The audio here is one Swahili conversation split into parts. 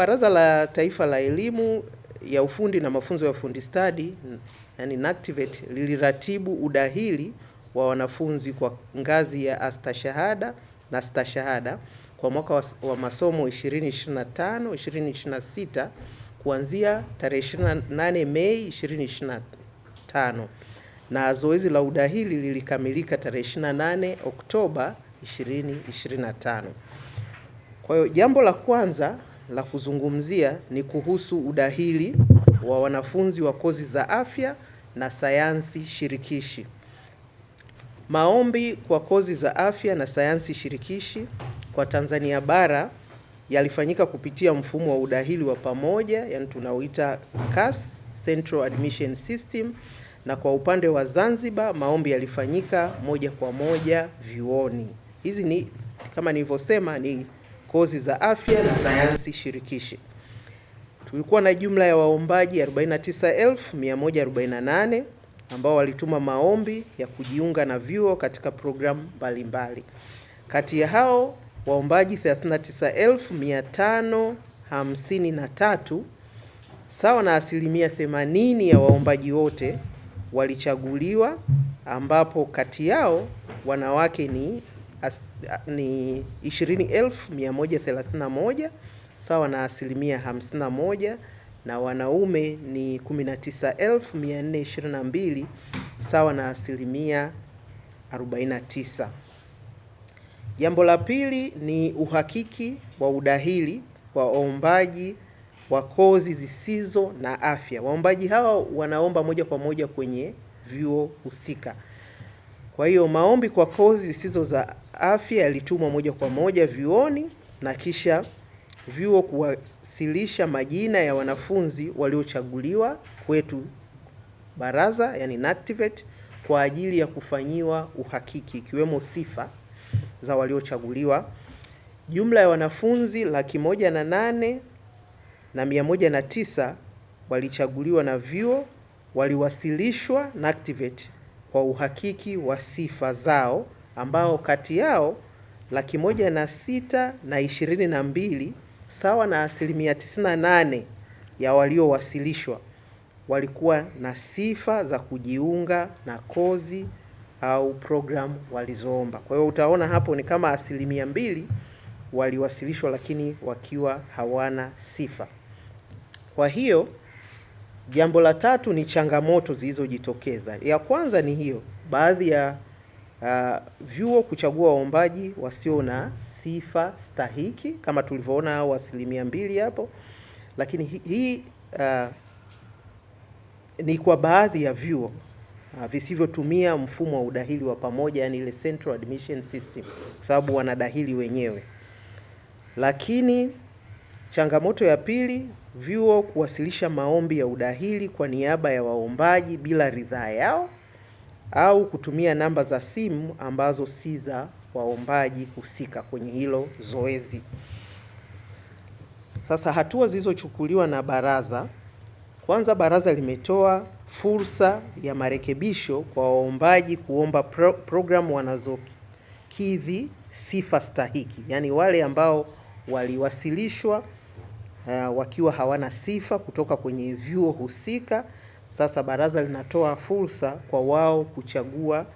Baraza la Taifa la Elimu ya Ufundi na Mafunzo ya Ufundi Stadi, yani NACTVET, e liliratibu udahili wa wanafunzi kwa ngazi ya astashahada na stashahada kwa mwaka wa, wa masomo 2025 2026 kuanzia tarehe 28 Mei 2025 na zoezi la udahili lilikamilika tarehe 28 Oktoba 2025. Kwa hiyo jambo la kwanza la kuzungumzia ni kuhusu udahili wa wanafunzi wa kozi za afya na sayansi shirikishi. Maombi kwa kozi za afya na sayansi shirikishi kwa Tanzania bara yalifanyika kupitia mfumo wa udahili wa pamoja, yani tunaoita CAS, Central Admission System, na kwa upande wa Zanzibar maombi yalifanyika moja kwa moja vyuoni. Hizi ni kama nilivyosema ni kozi za afya na sayansi shirikishi. Tulikuwa na jumla ya waombaji 49148 ambao walituma maombi ya kujiunga na vyuo katika programu mbalimbali. Kati ya hao waombaji 39553 sawa na asilimia 80 ya waombaji wote walichaguliwa, ambapo kati yao wanawake ni as, ni 20,131 sawa na asilimia 51 na wanaume ni 19,422 sawa na asilimia 49. Jambo la pili ni uhakiki wa udahili wa waombaji wa kozi zisizo na afya. Waombaji hawa wanaomba moja kwa moja kwenye vyuo husika. Kwa hiyo maombi kwa kozi zisizo za afya yalitumwa moja kwa moja vyuoni na kisha vyuo kuwasilisha majina ya wanafunzi waliochaguliwa kwetu baraza, yani NACTVET, e kwa ajili ya kufanyiwa uhakiki ikiwemo sifa za waliochaguliwa. Jumla ya wanafunzi laki moja na nane na mia moja na tisa walichaguliwa na vyuo waliwasilishwa NACTVET kwa uhakiki wa sifa zao ambao kati yao laki moja na sita na ishirini na mbili sawa na asilimia nane ya waliowasilishwa walikuwa na sifa za kujiunga na kozi au programu walizoomba. Kwa hiyo utaona hapo ni kama asilimia mbili waliwasilishwa lakini wakiwa hawana sifa. Kwa hiyo Jambo la tatu ni changamoto zilizojitokeza. Ya kwanza ni hiyo, baadhi ya uh, vyuo kuchagua waombaji wasio na sifa stahiki kama tulivyoona au asilimia mbili hapo, lakini hii uh, ah, ni kwa baadhi ya vyuo uh, visivyotumia mfumo wa udahili wa pamoja, yani ile central admission system, kwa sababu wanadahili wenyewe. Lakini changamoto ya pili vyuo kuwasilisha maombi ya udahili kwa niaba ya waombaji bila ridhaa yao au kutumia namba za simu ambazo si za waombaji husika kwenye hilo zoezi. Sasa hatua zilizochukuliwa na baraza, kwanza baraza limetoa fursa ya marekebisho kwa waombaji kuomba pro programu wanazokidhi sifa stahiki, yaani wale ambao waliwasilishwa Eh, wakiwa hawana sifa kutoka kwenye vyuo husika. Sasa baraza linatoa fursa kwa wao kuchagua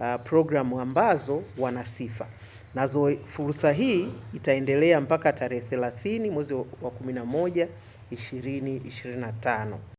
uh, eh, programu ambazo wana sifa nazo. Fursa hii itaendelea mpaka tarehe 30 mwezi wa 11 2025.